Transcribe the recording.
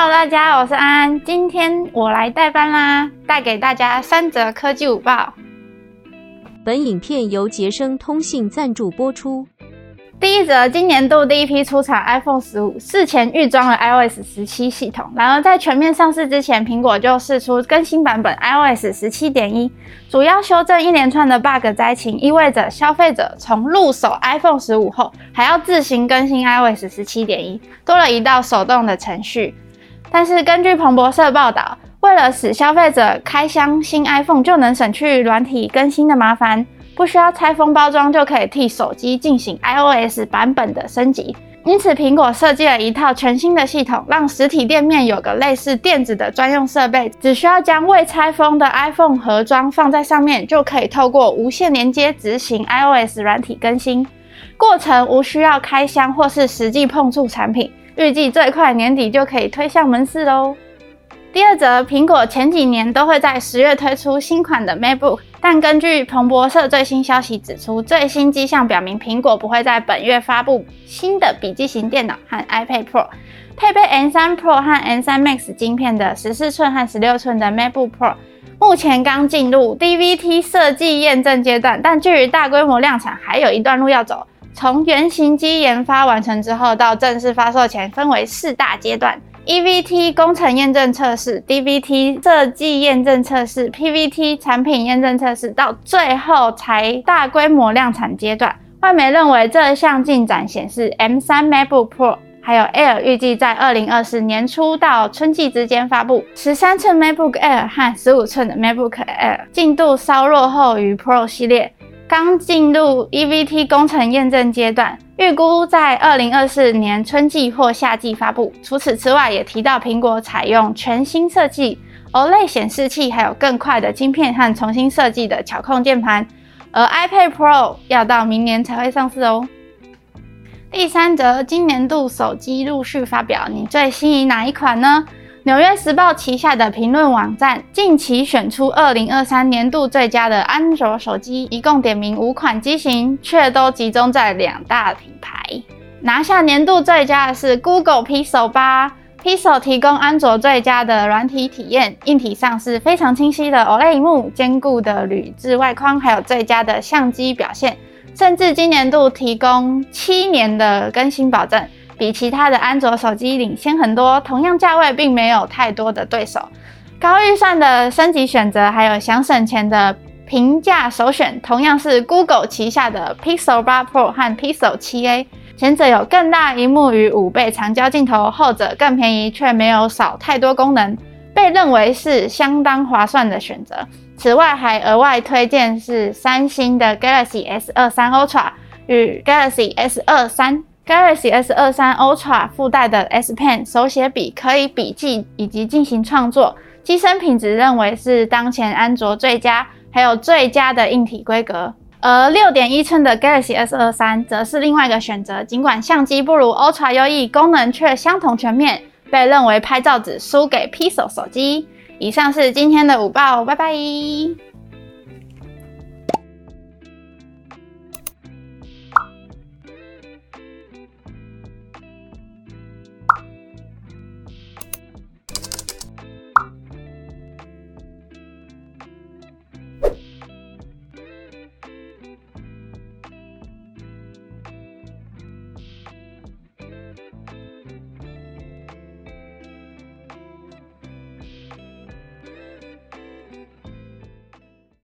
Hello，大家好，我是安安，今天我來代班啦，帶給大家三則科技午報。本影片由傑生通信贊助播出。第一則，今年度第一批出廠 iPhone 15事前預裝了 iOS 17系統，然而在全面上市之前，蘋果就釋出更新版本 iOS 17.1，主要修正一連串的 bug 災情，意味着消費者從入手 iPhone 15後，還要自行更新 iOS 17.1，多了一道手動的程序。但是根據彭博社報道，為了使消費者開箱新 iPhone 就能省去軟體更新的麻煩，不需要拆封包裝就可以替手機進行 iOS 版本的升級。因此，蘋果設計了一套全新的系統，讓實體店面有個類似電子的專用設備，只需要將未拆封的 iPhone 盒裝放在上面，就可以透過無線連接執行 iOS 軟體更新。過程無需要開箱或是實際碰觸產品。預計最快年底就可以推向門市嘍。第二則，蘋果前幾年都會在十月推出新款的 MacBook，但根據彭博社最新消息指出，最新跡象表明蘋果不會在本月發布新的筆記型電腦和 iPad Pro。配備 M3 Pro 和 M3 Max 芯片的十四寸和十六寸的 MacBook Pro，目前剛進入 DVT 設計驗證階段，但距離大規模量產還有一段路要走。從原型機研發完成之後到正式發售前，分為四大階段：EVT 工程驗證測試、DVT 設計驗證測試、PVT 產品驗證測試，到最後才大規模量產階段。外媒認為，這項進展顯示 M3 MacBook Pro 還有 Air 預計在二零二四年初到春季之間發布。十三寸 MacBook Air 和十五寸的 MacBook Air 進度稍落後於 Pro 系列。剛進入 EVT 工程驗證階段，預估在二零二四年春季或夏季發布。除此之外，也提到蘋果採用全新設計 OLED 顯示器，還有更快的晶片和重新設計的巧控鍵盤。而 iPad Pro 要到明年才會上市哦。第三則，今年度手機陸續發表，你最心儀哪一款呢？紐約時報旗下的評論網站近期選出二零二三年度最佳的安卓手機，一共點名五款機型，卻都集中在兩大品牌。拿下年度最佳的是 Google Pixel 八，Pixel 提供安卓最佳的軟體體驗，硬體上是非常清晰的 OLED 螢幕，堅固的鋁製外框，還有最佳的相機表現，甚至今年度提供七年的更新保證。比其他的安卓手機領先很多，同樣價位並沒有太多的對手。高預算的升級選擇，還有想省錢的平價首選，同樣是 Google 旗下的 Pixel 八 Pro 和 Pixel 七 A，前者有更大螢幕與五倍長焦鏡頭，後者更便宜卻沒有少太多功能，被認為是相當划算的選擇。此外，還額外推薦是三星的 Galaxy S 二三 Ultra 與 Galaxy S 二三。Galaxy S23 Ultra 附帶的 S Pen 手寫筆可以筆記以及進行創作，機身品質認為是當前安卓最佳，還有最佳的硬體規格。而六點一吋的 Galaxy S23 則是另外一個選擇，儘管相機不如 Ultra 優異，功能卻相同全面，被認為拍照只輸給 Pixel 手機。以上是今天的午報，拜拜。